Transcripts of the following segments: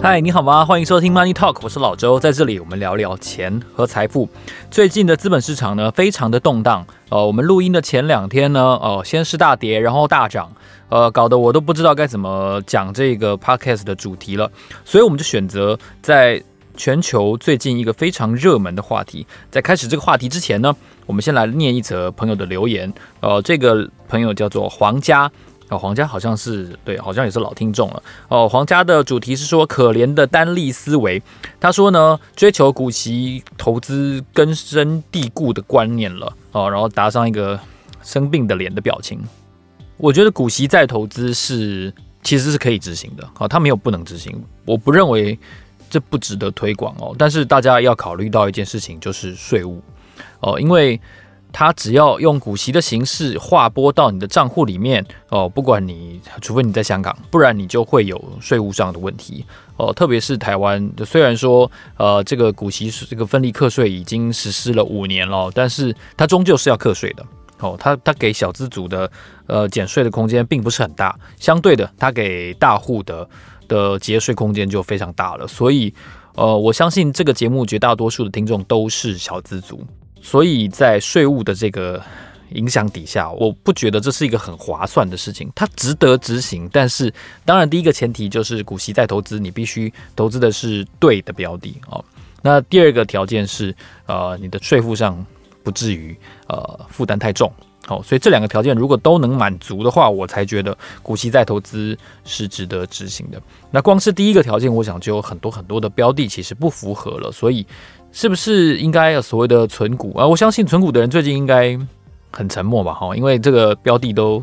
嗨，Hi, 你好嗎？歡迎收聽 Money Talk，我是老周，在這裡我們聊聊錢和財富。最近的資本市場呢，非常的動盪。呃，我們錄音的前兩天呢，呃，先是大跌，然後大漲，呃，搞得我都不知道該怎麼講這個 podcast 的主題了。所以我們就選擇在全球最近一個非常熱門的話題。在開始這個話題之前呢，我們先來念一則朋友的留言。呃，這個朋友叫做黃家。哦，皇家好像是對，好像也是老聽眾了。哦，皇家的主題是說可憐的單利思維。他說呢，追求股息投資根深蒂固的觀念了。哦，然後打上一個生病的臉的表情。我覺得股息再投資是其實是可以執行的。哦，他沒有不能執行，我不認為，這不值得推廣哦。但是大家要考慮到一件事情，就是稅務。哦，因為。他只要用股息的形式劃撥到你的賬戶裡面哦，不管你，除非你在香港，不然你就會有稅務上的問題哦。特別是台灣，雖然說呃這個股息是這個分離課稅已經實施了五年了，但是它終究是要課稅的哦。它它給小資族的呃減稅的空間並不是很大，相對的，它給大戶的的節稅空間就非常大了。所以呃，我相信這個節目絕大多數的聽眾都是小資族。所以在稅務的這個影響底下，我不覺得這是一個很划算的事情。它值得執行，但是當然第一個前提就是股息再投資，你必須投資的是對的標的哦。那第二個條件是，呃，你的稅負上不至於呃負擔太重。好，所以這兩個條件如果都能滿足的話，我才覺得股息再投資是值得執行的。那光是第一個條件，我想就有很多很多的標的其實不符合了，所以。是不是應該有所謂的存股啊？我相信存股的人最近應該很沉默吧？哈，因為這個標的都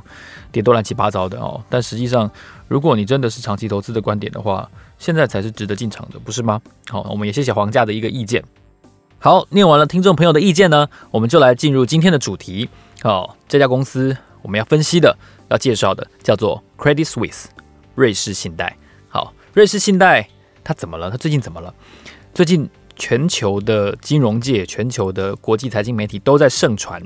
跌多亂七八糟的哦。但實際上，如果你真的是長期投資的觀點的話，現在才是值得進場的，不是嗎？好，我們也謝謝黃家的一個意見。好，念完了聽眾朋友的意見呢，我們就來進入今天的主題。哦，這家公司我們要分析的、要介紹的叫做 Credit Suisse，瑞士信貸。好，瑞士信貸它怎麼了？它最近怎麼了？最近。全球的金融界，全球的國際財經媒體都在盛傳，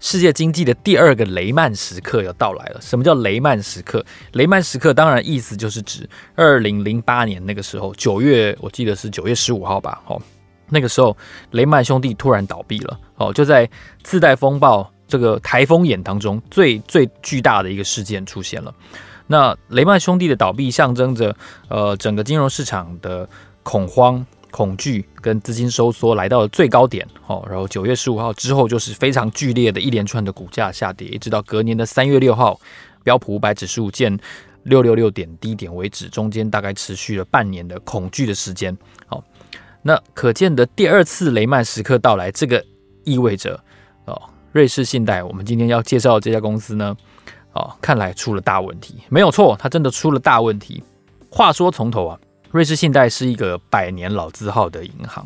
世界經濟的第二個雷曼時刻要到來了。什麼叫雷曼時刻？雷曼時刻當然意思就是指二零零八年那個時候，九月我記得是九月十五號吧？哦，那個時候雷曼兄弟突然倒閉了。哦，就在次貸風暴這個台風眼當中最，最最巨大的一個事件出現了。那雷曼兄弟的倒閉象徵着呃整個金融市場的恐慌。恐懼跟資金收縮來到了最高點，哦，然後九月十五號之後就是非常劇烈的一連串的股價下跌，一直到隔年的三月六號，標普五百指數見六六六點低點為止，中間大概持續了半年的恐懼的時間，好，那可見的第二次雷曼時刻到來，這個意味着，哦，瑞士信貸，我們今天要介紹的這家公司呢，哦，看來出了大問題，沒有錯，它真的出了大問題。話說從頭啊。瑞士信貸是一個百年老字號的銀行，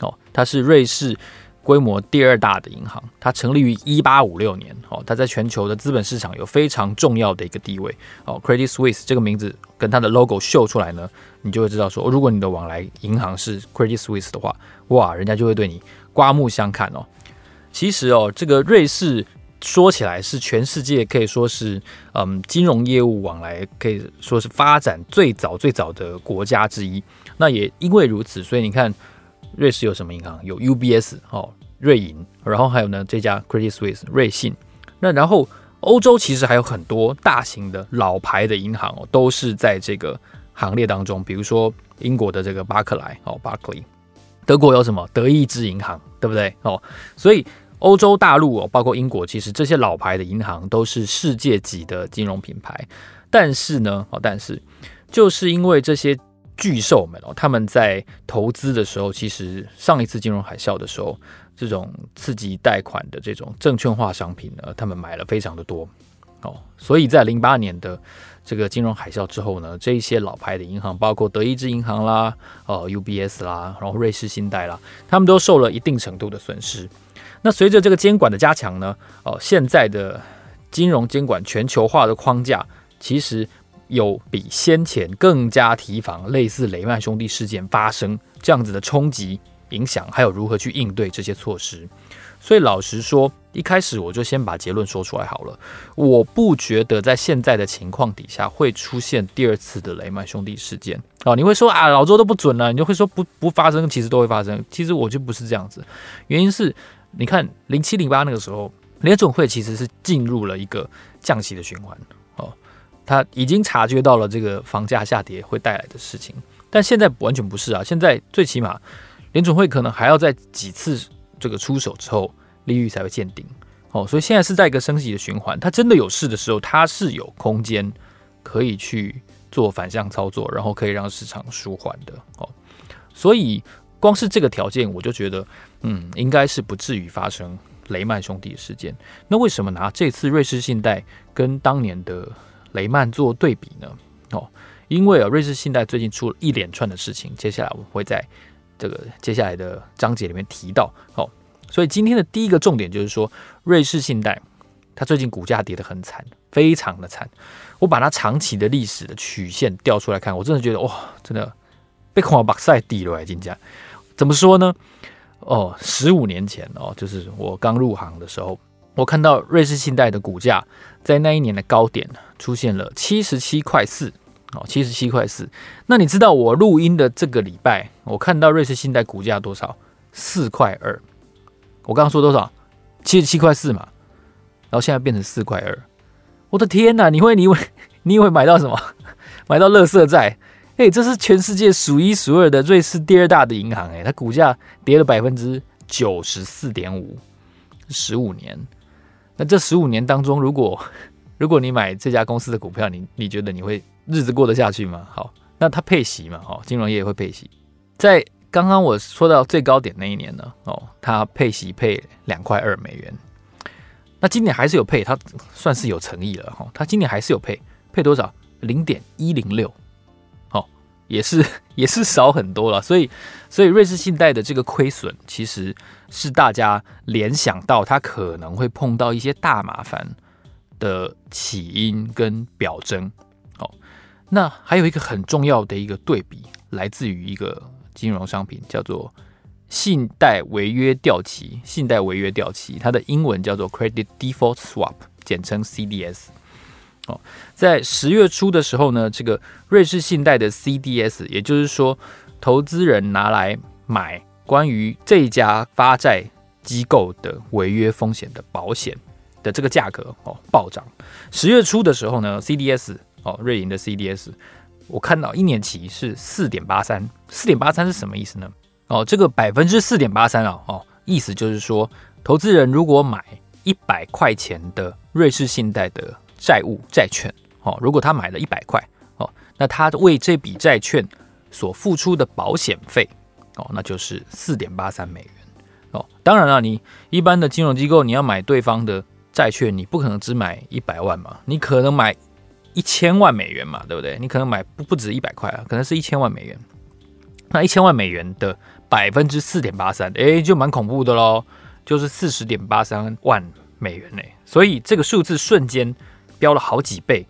哦，它是瑞士規模第二大的銀行，它成立於一八五六年，哦，它在全球的資本市場有非常重要的一個地位，哦，Credit Suisse 這個名字跟它的 logo 秀出來呢，你就會知道說，哦，如果你的往來銀行是 Credit Suisse 的話，哇，人家就會對你刮目相看哦。其實哦，這個瑞士。說起來是全世界可以說是，嗯，金融業務往來可以說是發展最早最早的國家之一。那也因為如此，所以你看，瑞士有什麼銀行？有 UBS 哦，瑞銀。然後還有呢，這家 Credit Suisse 瑞信。那然後歐洲其實還有很多大型的老牌的銀行哦，都是在這個行列當中。比如說英國的這個巴克萊哦，巴克萊。德國有什麼？德意志銀行，對不對？哦，所以。歐洲大陸哦，包括英國，其實這些老牌的銀行都是世界級的金融品牌。但是呢，哦，但是就是因為這些巨獸們哦，他們在投資的時候，其實上一次金融海嘯的時候，這種次級貸款的這種證券化商品呢，他們買了非常的多哦，所以在零八年的這個金融海嘯之後呢，這一些老牌的銀行，包括德意志銀行啦、哦 UBS 啦，然後瑞士信貸啦，他們都受了一定程度的損失。那隨着這個監管的加強呢，哦，現在的金融監管全球化的框架其實有比先前更加提防類似雷曼兄弟事件發生這樣子的衝擊影響，還有如何去應對這些措施。所以老實說，一開始我就先把結論說出來好了。我不覺得在現在的情況底下會出現第二次的雷曼兄弟事件哦，你會說啊，老周都不準了啊，你就會說不不發生，其實都會發生。其實我就不是這樣子，原因是。你看，零七零八那個時候，聯準會其實是進入了一個降息的循環哦，他已經察覺到了這個房價下跌會帶來的事情，但現在完全不是啊，現在最起碼聯準會可能還要在幾次這個出手之後，利率才會見頂哦，所以現在是在一個升息的循環，它真的有事的時候，它是有空間可以去做反向操作，然後可以讓市場舒緩的哦，所以光是這個條件，我就覺得。嗯，應該是不至於發生雷曼兄弟的事件。那為什麼拿這次瑞士信貸跟當年的雷曼做對比呢？哦，因為啊、哦，瑞士信貸最近出了一連串的事情，接下來我會在這個接下來的章節裡面提到。哦，所以今天的第一個重點就是說，瑞士信貸它最近股價跌得很慘，非常的慘。我把它長期的歷史的曲線調出來看，我真的覺得哇、哦，真的被狂把塞底了，金價。怎麼說呢？哦，十五年前哦，就是我剛入行的時候，我看到瑞士信貸的股價在那一年的高點出現了七十七塊四哦，七十七塊四。那你知道我錄音的這個禮拜，我看到瑞士信貸股價多少？四塊二。我剛剛說多少？七十七塊四嘛。然後現在變成四塊二。我的天哪！你會你以為你以為買到什麼？買到垃圾債？哎，這是全世界數一數二的瑞士第二大的銀行誒，它股價跌了百分之九十四點五，十五年。那這十五年當中，如果如果你買這家公司的股票，你你覺得你會日子過得下去嗎？好，那它配息嘛，哦，金融業也會配息。在剛剛我說到最高點那一年呢，哦，它配息配兩塊二美元。那今年還是有配，它算是有誠意了哈。它今年還是有配，配多少？零點一零六。也是也是少很多了，所以所以瑞士信貸的這個虧損，其實是大家聯想到它可能會碰到一些大麻煩的起因跟表徵。好，那還有一個很重要的一個對比，來自於一個金融商品，叫做信貸違約掉期，信貸違約掉期，它的英文叫做 Credit Default Swap，簡稱 CDS。哦，在十月初的時候呢，這個瑞士信貸的 CDS，也就是說，投資人拿來買關於這家發債機構的違約風險的保險的這個價格哦暴漲。十月初的時候呢，CDS 哦，瑞銀的 CDS，我看到一年期是四點八三，四點八三是什麼意思呢？哦，這個百分之四點八三啊，哦，意思就是說，投資人如果買一百塊錢的瑞士信貸的。債務債券哦，如果他買了一百塊哦，那他為這筆債券所付出的保險費哦，那就是四點八三美元哦。當然了、啊，你一般的金融機構你要買對方的債券，你不可能只買一百萬嘛，你可能買一千萬美元嘛，對不對？你可能買不不止一百塊啊，可能是一千萬美元。那一千萬美元的百分之四點八三，誒，就蠻恐怖的嘍，就是四十點八三萬美元嘞、欸。所以這個數字瞬間。飆了好幾倍，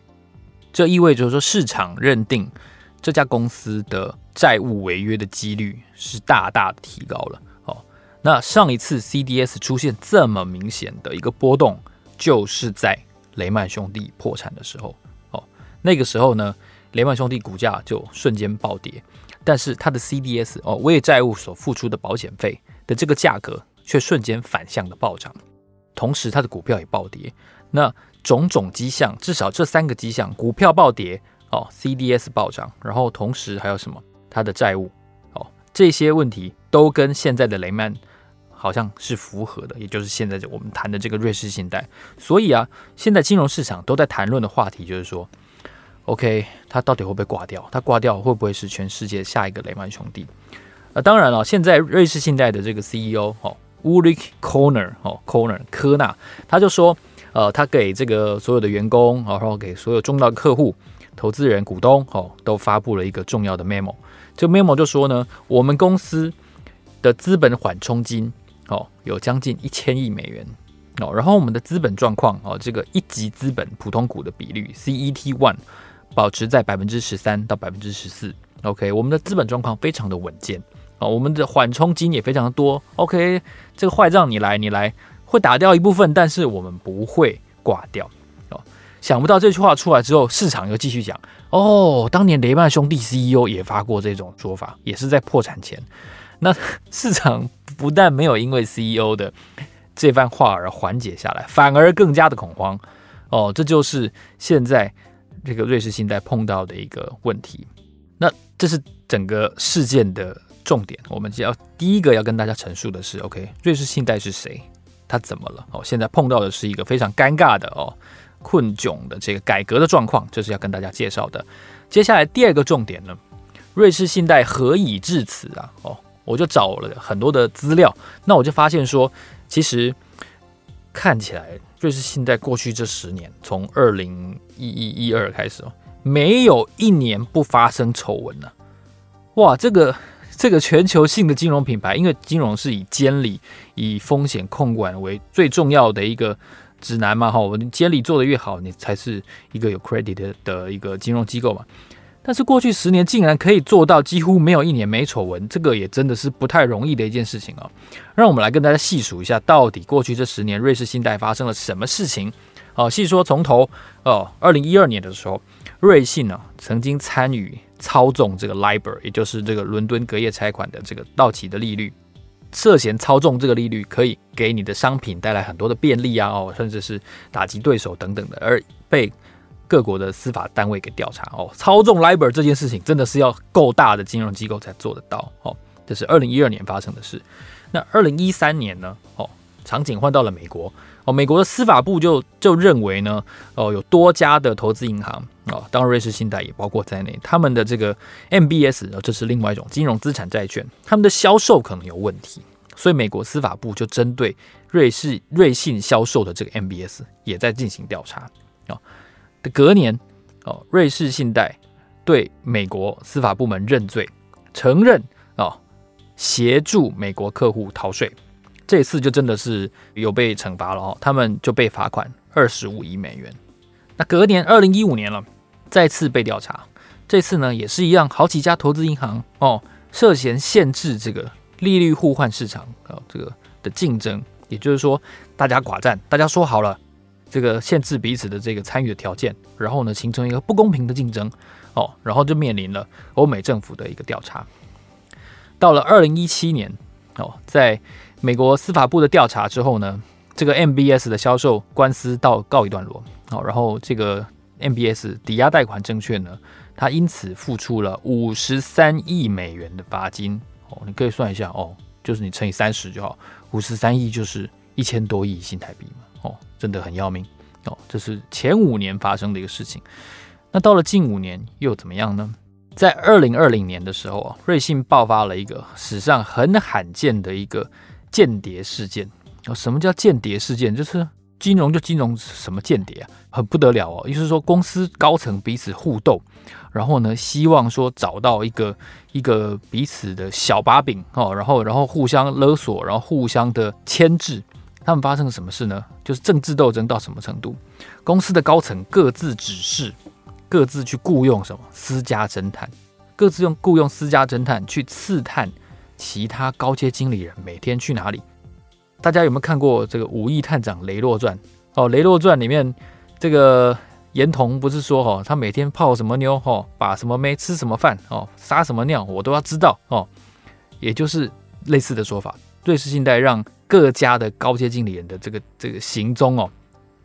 這意味着說市場認定這家公司的債務違約的幾率是大大提高了哦。那上一次 CDS 出現這麼明顯的一個波動，就是在雷曼兄弟破產的時候哦。那個時候呢，雷曼兄弟股價就瞬間暴跌，但是它的 CDS 哦，為債務所付出的保險費的這個價格卻瞬間反向的暴漲，同時它的股票也暴跌。那種種跡象，至少這三個跡象：股票暴跌哦，CDS 暴漲，然後同時還有什麼？它的債務哦，這些問題都跟現在的雷曼好像是符合的，也就是現在我們談的這個瑞士信貸。所以啊，現在金融市場都在談論的話題就是說，OK，它到底會不會掛掉？它掛掉會不會是全世界下一個雷曼兄弟？呃，當然了，哦，現在瑞士信貸的這個 CEO 哦，Ulrich Corner 哦，Corner 科納他就說。呃、哦，他給這個所有的員工，哦，然後給所有重要的客戶、投資人、股東，哦，都發布了一個重要的 memo。這個 memo 就說呢，我們公司的資本緩衝金，哦，有將近一千億美元，哦，然後我們的資本狀況，哦，這個一級資本普通股的比率 （CET1） 保持在百分之十三到百分之十四。OK，我們的資本狀況非常的穩健，哦，我們的緩衝金也非常的多。OK，這個壞賬你來，你來。會打掉一部分，但是我們不會掛掉哦。想不到這句話出來之後，市場又繼續講哦。當年雷曼兄弟 CEO 也發過這種說法，也是在破產前。那市場不但沒有因為 CEO 的這番話而緩解下來，反而更加的恐慌哦。這就是現在這個瑞士信貸碰到的一個問題。那這是整個事件的重點。我們只要第一個要跟大家陳述的是：OK，瑞士信貸是誰？他怎麼了？哦，現在碰到的是一個非常尷尬的哦，困窘的這個改革的狀況，這是要跟大家介紹的。接下來第二個重點呢，瑞士信貸何以至此啊？哦，我就找了很多的資料，那我就發現說，其實看起來瑞士信貸過去這十年，從二零一一一二開始哦，沒有一年不發生醜聞呢，啊。哇，這個。這個全球性的金融品牌，因為金融是以監理、以風險控管為最重要的一個指南嘛，哈，我們監理做得越好，你才是一個有 credit 的一個金融機構嘛。但是過去十年竟然可以做到幾乎沒有一年沒醜聞，這個也真的是不太容易的一件事情啊，哦。讓我們來跟大家細數一下，到底過去這十年瑞士信貸發生了什麼事情？好，啊，細說從頭哦。二零一二年的時候，瑞信呢，啊、曾經參與。操縱這個 LIBOR，也就是這個倫敦隔夜拆款的這個到期的利率，涉嫌操縱這個利率，可以給你的商品帶來很多的便利啊哦，甚至是打擊對手等等的，而被各國的司法單位給調查哦。操縱 LIBOR 這件事情，真的是要夠大的金融機構才做得到哦。這是二零一二年發生的事，那二零一三年呢？哦，場景換到了美國。哦，美國的司法部就就認為呢，哦，有多家的投資銀行哦，當然瑞士信貸也包括在內，他們的這個 MBS，哦，這是另外一種金融資產債券，他們的銷售可能有問題，所以美國司法部就針對瑞士瑞信銷售的這個 MBS 也在進行調查哦。的隔年，哦，瑞士信貸對美國司法部門認罪，承認哦，協助美國客戶逃稅。這次就真的是有被懲罰了哦，他們就被罰款二十五億美元。那隔年，二零一五年了，再次被調查。這次呢也是一樣，好幾家投資銀行哦，涉嫌限制這個利率互換市場哦，這個的競爭，也就是說大家寡占，大家說好了這個限制彼此的這個參與的條件，然後呢，形成一個不公平的競爭哦，然後就面臨了歐美政府的一個調查。到了二零一七年哦，在美國司法部的調查之後呢，這個 MBS 的銷售官司到告一段落。好，哦，然後這個 MBS 抵押貸款證券呢，它因此付出了五十三億美元的罰金。哦，你可以算一下，哦，就是你乘以三十就好，五十三億就是一千多億新台幣嘛。哦，真的很要命。哦，這是前五年發生的一個事情。那到了近五年又怎麼樣呢？在二零二零年的時候啊，瑞信爆發了一個史上很罕見的一個間諜事件，什麼叫間諜事件？就是金融就金融什麼間諜啊？很不得了哦！意思、就是說，公司高層彼此互鬥，然後呢，希望說找到一個一個彼此的小把柄哦，然後然後互相勒索，然後互相的牽制。他們發生了什麼事呢？就是政治鬥爭到什麼程度？公司的高層各自指示，各自去僱傭什麼私家偵探，各自用僱傭私家偵探去刺探。其他高階經理人每天去哪裡？大家有沒有看過這個《五億探長雷洛傳》？哦，《雷洛傳》裡面這個顏同不是說哈、哦，他每天泡什麼妞，哈、哦，把什麼妹，吃什麼飯，哦，撒什麼尿，我都要知道哦。也就是類似的說法。瑞士信貸讓各家的高階經理人的這個這個行蹤哦、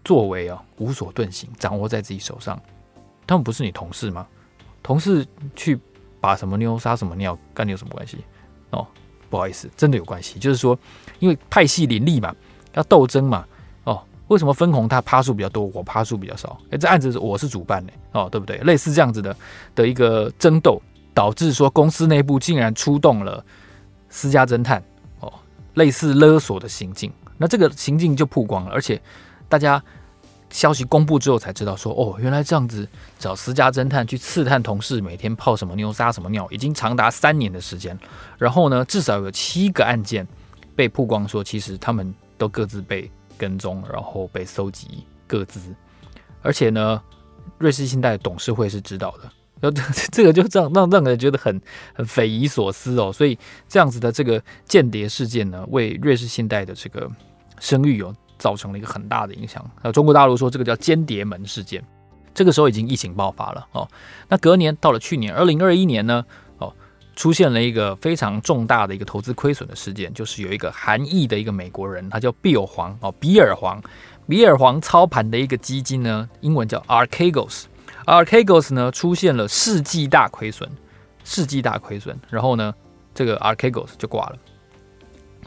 作為哦無所遁形，掌握在自己手上。他們不是你同事嗎？同事去把什麼妞、撒什麼尿，跟你有什麼關係？哦，不好意思，真的有關係，就是說，因為派系林立嘛，要鬥爭嘛。哦，為什麼分紅他趴數比較多，我趴數比較少？誒，這案子我是主辦的哦，對不對？類似這樣子的的一個爭鬥，導致說公司內部竟然出動了私家偵探，哦，類似勒索的行徑，那這個行徑就曝光了，而且大家。消息公布之後才知道說，說哦，原來這樣子，找私家偵探去刺探同事每天泡什麼妞、撒什麼尿，已經長達三年的時間。然後呢，至少有七個案件被曝光，說其實他們都各自被跟蹤，然後被搜集各自。而且呢，瑞士信貸董事會是知道的，那 這個就這樣讓讓人覺得很很匪夷所思哦。所以這樣子的這個間諜事件呢，為瑞士信貸的這個聲譽有造成了一個很大的影響。那、啊、中國大陸說這個叫“間諜門”事件，這個時候已經疫情爆發了哦。那隔年到了去年二零二一年呢，哦，出現了一個非常重大的一個投資虧損的事件，就是有一個韓裔的一個美國人，他叫比爾黃哦，比爾黃，比爾黃操盤的一個基金呢，英文叫 Archegos，Archegos 呢出現了世紀大虧損，世紀大虧損，然後呢，這個 Archegos 就掛了。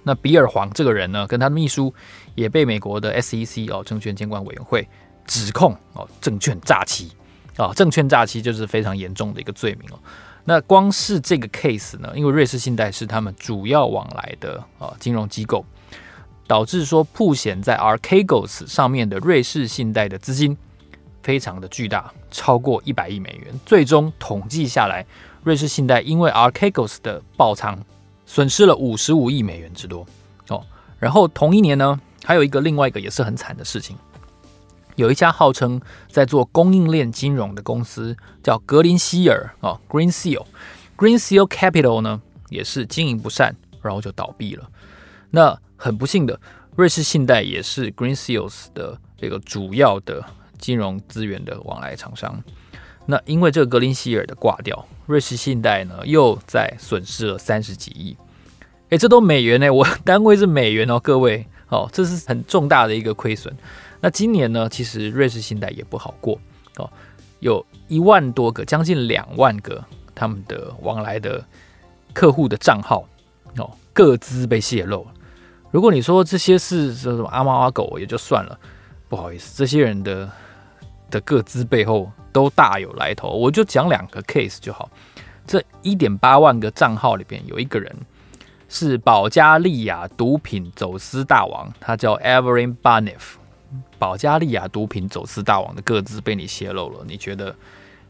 那比爾·黃這個人呢，跟他的秘書也被美國的 S E C 哦，證券監管委員會指控哦，證券詐欺啊、哦，證券詐欺就是非常嚴重的一個罪名哦。那光是這個 case 呢，因為瑞士信貸是他們主要往來的啊、哦、金融機構，導致說曝險在 Archegos 上面的瑞士信貸的資金非常的巨大，超過一百億美元。最終統計下來，瑞士信貸因為 Archegos 的爆倉，損失了五十五億美元之多哦，然後同一年呢，還有一個另外一個也是很慘的事情，有一家號稱在做供應鏈金融的公司叫格林希爾啊，哦，Greensill，Greensill Capital 呢也是經營不善，然後就倒閉了。那很不幸的，瑞士信貸也是 Greensill 的這個主要的金融資源的往來廠商。那因為這個格林希爾的掛掉，瑞士信貸呢又在損失了三十幾億，哎，這都美元呢，我單位是美元哦，各位哦，這是很重大的一個虧損。那今年呢，其實瑞士信貸也不好過哦，有一萬多個，將近兩萬個他們的往來的客戶的賬號哦，個資被洩露。如果你說這些是什阿貓阿狗也就算了，不好意思，這些人的的個資背後。都大有來頭，我就講兩個 case 就好。這一點八萬個賬號裡邊有一個人是保加利亞毒品走私大王，他叫 Everin Banif。保加利亞毒品走私大王的個資被你洩露了，你覺得？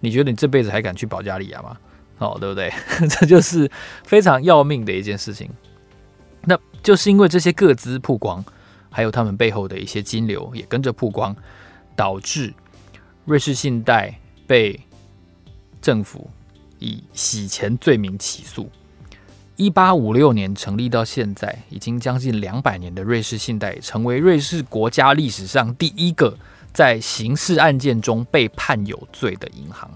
你覺得你這輩子還敢去保加利亞嗎？哦，對不對？呵呵，這就是非常要命的一件事情。那就是因為這些個資曝光，還有他們背後的一些金流也跟着曝光，導致。瑞士信貸被政府以洗錢罪名起訴。一八五六年成立到現在，已經將近兩百年的瑞士信貸，成為瑞士國家歷史上第一個在刑事案件中被判有罪的銀行。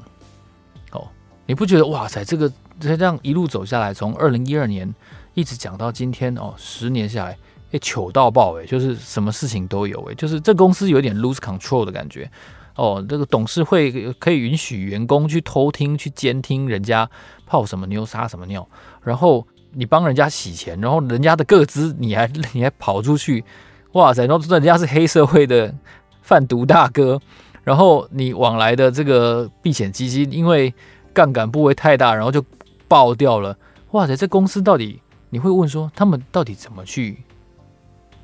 哦，你不覺得哇塞？這個這樣一路走下來，從二零一二年一直講到今天哦，十年下來，誒、欸，糗到爆誒、欸，就是什麼事情都有誒、欸，就是這公司有點 lose control 的感覺。哦，這個董事會可以允許員工去偷聽、去監聽人家泡什麼妞、撒什麼尿，然後你幫人家洗錢，然後人家的個資你還你還跑出去，哇塞！然後人家是黑社會的販毒大哥，然後你往來的這個避險基金，因為槓桿部位太大，然後就爆掉了。哇塞！這公司到底你會問說，他們到底怎麼去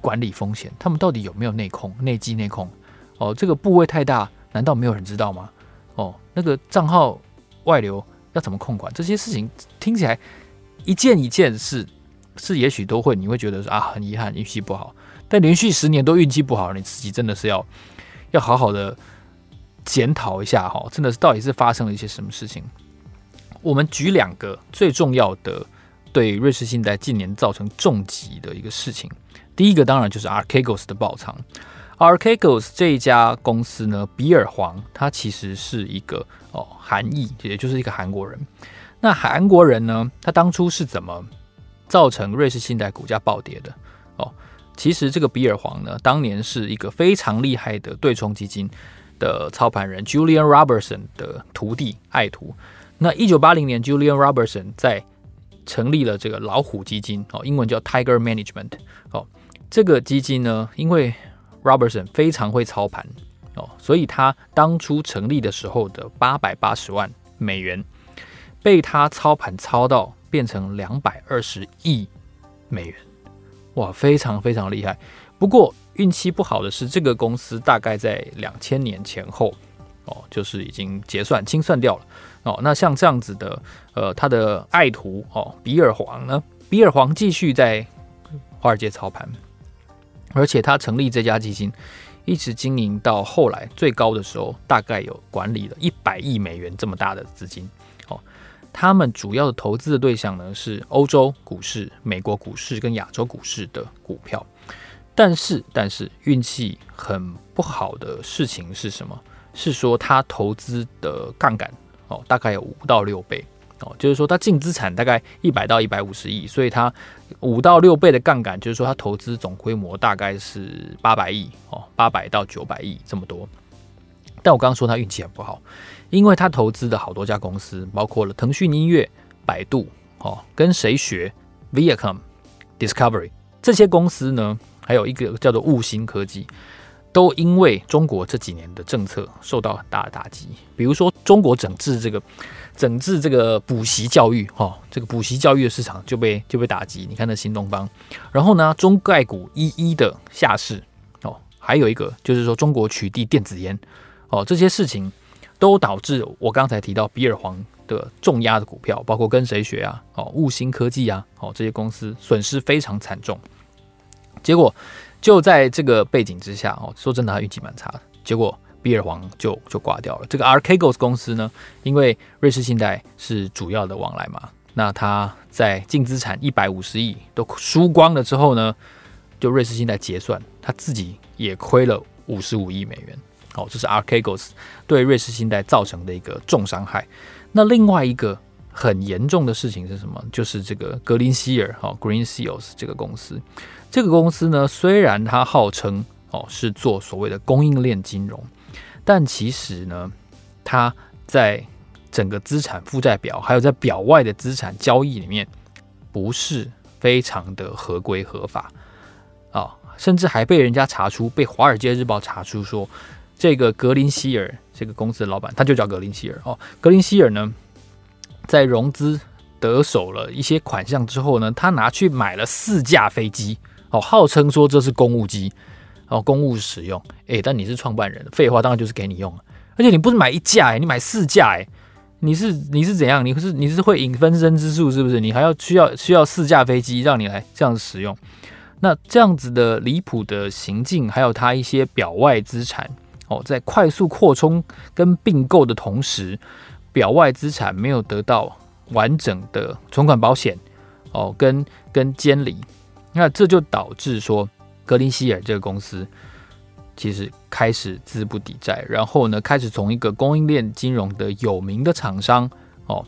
管理風險？他們到底有沒有內控、內稽內控？哦，這個部位太大。難道沒有人知道嗎？哦，那個賬號外流要怎麼控管？這些事情聽起來一件一件事，是也許都會，你會覺得說啊，很遺憾，運氣不好。但連續十年都運氣不好，你自己真的是要要好好的檢討一下哈、哦，真的是到底是發生了一些什麼事情？我們舉兩個最重要的對瑞士信貸近年造成重擊的一個事情。第一個當然就是 Archegos 的爆倉。Archegos 這一家公司呢，比爾黃他其實是一個哦韓裔，也就是一個韓國人。那韓國人呢，他當初是怎麼造成瑞士信貸股價暴跌的？哦，其實這個比爾黃呢，當年是一個非常厲害的對沖基金的操盤人，Julian Robertson 的徒弟愛徒。那一九八零年，Julian Robertson 在成立了這個老虎基金，哦，英文叫 Tiger Management。哦，這個基金呢，因為 Robertson 非常會操盤哦，所以他當初成立的時候的八百八十萬美元，被他操盤操到變成兩百二十億美元，哇，非常非常厲害。不過運氣不好的是，這個公司大概在兩千年前後哦，就是已經結算清算掉了哦。那像這樣子的呃，他的愛徒哦，比爾黃呢，比爾黃繼續在華爾街操盤。而且他成立這家基金，一直經營到後來最高的時候，大概有管理了一百億美元這麼大的資金。哦，他們主要的投資的對象呢，是歐洲股市、美國股市跟亞洲股市的股票。但是，但是運氣很不好的事情是什麼？是說他投資的槓桿哦，大概有五到六倍。哦，就是說它淨資產大概一百到一百五十億，所以它五到六倍的槓桿，就是說它投資總規模大概是八百億哦，八百到九百億這麼多。但我剛剛說他運氣還不好，因為他投資的好多家公司，包括了騰訊音樂、百度、哦，跟誰學、Viacom、Discovery 這些公司呢，還有一個叫做霧芯科技，都因為中國這幾年的政策受到很大的打擊，比如說中國整治這個。整治這個補習教育，哈、哦，這個補習教育的市場就被就被打擊。你看，那新東方，然後呢，中概股一一的下市，哦，還有一個就是說中國取締電子煙，哦，這些事情都導致我剛才提到比爾黃的重壓的股票，包括跟誰學啊，哦，霧芯科技啊，哦，這些公司損失非常慘重。結果就在這個背景之下，哦，說真的，他運氣蠻差的。結果。比爾黃就就掛掉了。這個 Archegos 公司呢，因為瑞士信貸是主要的往來嘛，那它在淨資產一百五十億都輸光了之後呢，就瑞士信貸結算，它自己也虧了五十五億美元。哦，這是 Archegos 對瑞士信貸造成的一個重傷害。那另外一個很嚴重的事情是什麼？就是這個格林希爾哦，Greensill 這個公司，這個公司呢，雖然它號稱哦是做所謂的供應鏈金融。但其實呢，他在整個資產負債表，還有在表外的資產交易裡面，不是非常的合規合法啊，哦，甚至還被人家查出，被《華爾街日報》查出說，這個格林希爾這個公司的老板，他就叫格林希爾哦，格林希爾呢，在融資得手了一些款項之後呢，他拿去買了四架飛機哦，號稱說這是公務機。哦，公務使用，誒、欸，但你是創辦人，廢話當然就是給你用了。而且你不是買一架，欸、誒，你買四架，欸、誒。你是你是怎樣？你是你是會影分身之術是不是？你還要需要需要四架飛機讓你來這樣子使用？那這樣子的離譜的行徑，還有它一些表外資產哦，在快速擴充跟併購的同時，表外資產沒有得到完整的存款保險哦，跟跟監理，那這就導致說。格林希爾這個公司其實開始資不抵債，然後呢，開始從一個供應鏈金融的有名的廠商哦，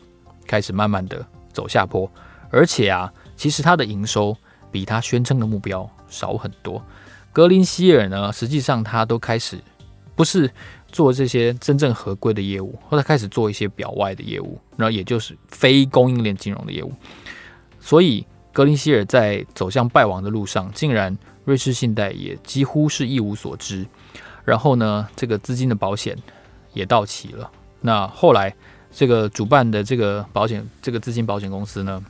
開始慢慢的走下坡。而且啊，其實它的營收比他宣稱的目標少很多。格林希爾呢，實際上他都開始不是做這些真正合規的業務，或者開始做一些表外的業務，然後也就是非供應鏈金融的業務。所以，格林希爾在走向敗亡的路上，竟然。瑞士信貸也幾乎是一無所知，然後呢，這個資金的保險也到期了。那後來，這個主辦的這個保險、這個資金保險公司呢，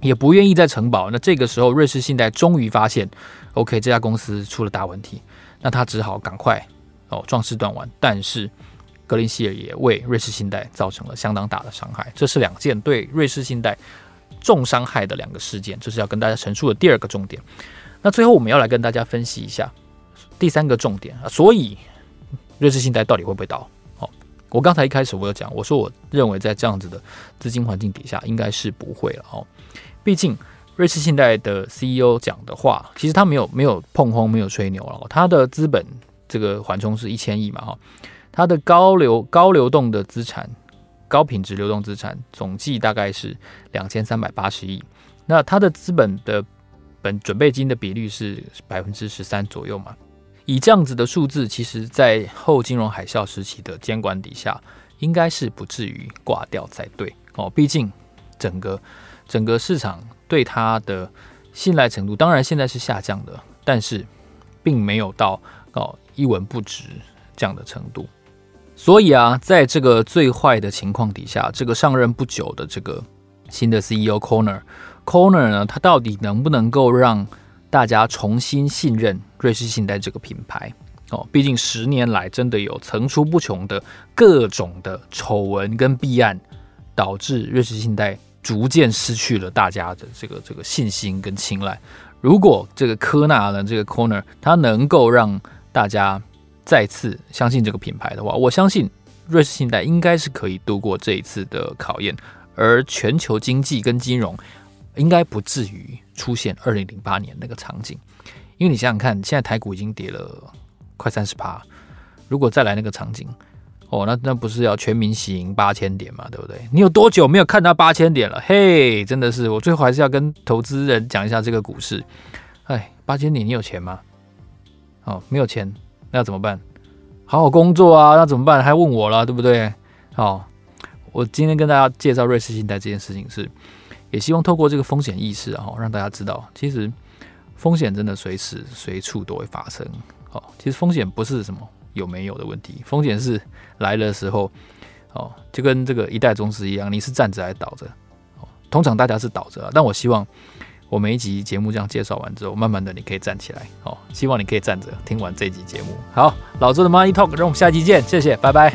也不願意再承保。那這個時候，瑞士信貸終於發現，OK，這家公司出了大問題。那他只好趕快哦，壯士斷腕。但是，格林希爾也為瑞士信貸造成了相當大的傷害。這是兩件對瑞士信貸重傷害的兩個事件。這是要跟大家陳述的第二個重點。那最後我們要來跟大家分析一下第三個重點啊，所以瑞士信貸到底會不會倒？哦，我剛才一開始我就講，我說我認為在這樣子的資金環境底下，應該是不會了哦。畢竟瑞士信貸的 CEO 講的話，其實他沒有沒有膨風，沒有吹牛了，哦。他的資本這個緩衝是一千億嘛哈，哦，他的高流高流動的資產、高品質流動資產總計大概是兩千三百八十億，那他的資本的。準備金的比率是百分之十三左右嘛，以這樣子的數字，其實，在後金融海嘯時期的監管底下，應該是不至於掛掉才對哦。畢竟，整個整個市場對它的信賴程度，當然現在是下降的，但是並沒有到哦一文不值這樣的程度。所以啊，在這個最壞的情況底下，這個上任不久的這個新的 CEO Corner。Corner 呢？它到底能不能夠讓大家重新信任瑞士信貸這個品牌？哦，畢竟十年來真的有層出不窮的各種的醜聞跟弊案，導致瑞士信貸逐漸失去了大家的這個這個信心跟青睞。如果這個科納呢，這個 Corner 它能夠讓大家再次相信這個品牌的話，我相信瑞士信貸應該是可以度過這一次的考驗。而全球經濟跟金融。應該不至於出現二零零八年那個場景，因為你想想看，現在台股已經跌了快三十趴，如果再來那個場景，哦，那那不是要全民喜迎八千點嘛，對不對？你有多久沒有看到八千點了？嘿、hey，真的是，我最後還是要跟投資人講一下這個股市，哎，八千點你有錢嗎？哦，沒有錢，那怎麼辦？好好工作啊，那怎麼辦？還問我了，對不對？好、哦，我今天跟大家介紹瑞士信貸這件事情是。也希望透過這個風險意識，啊，哈，讓大家知道，其實風險真的隨時隨處都會發生，哦，其實風險不是什麼有沒有的問題，風險是來的時候，哦，就跟這個一代宗師一樣，你是站着還是倒着，哦，通常大家是倒着，啊，但我希望我每一集節目這樣介紹完之後，慢慢的你可以站起來，哦，希望你可以站着聽完這集節目，好，老周的 Money Talk，room，下集見，謝謝，拜拜。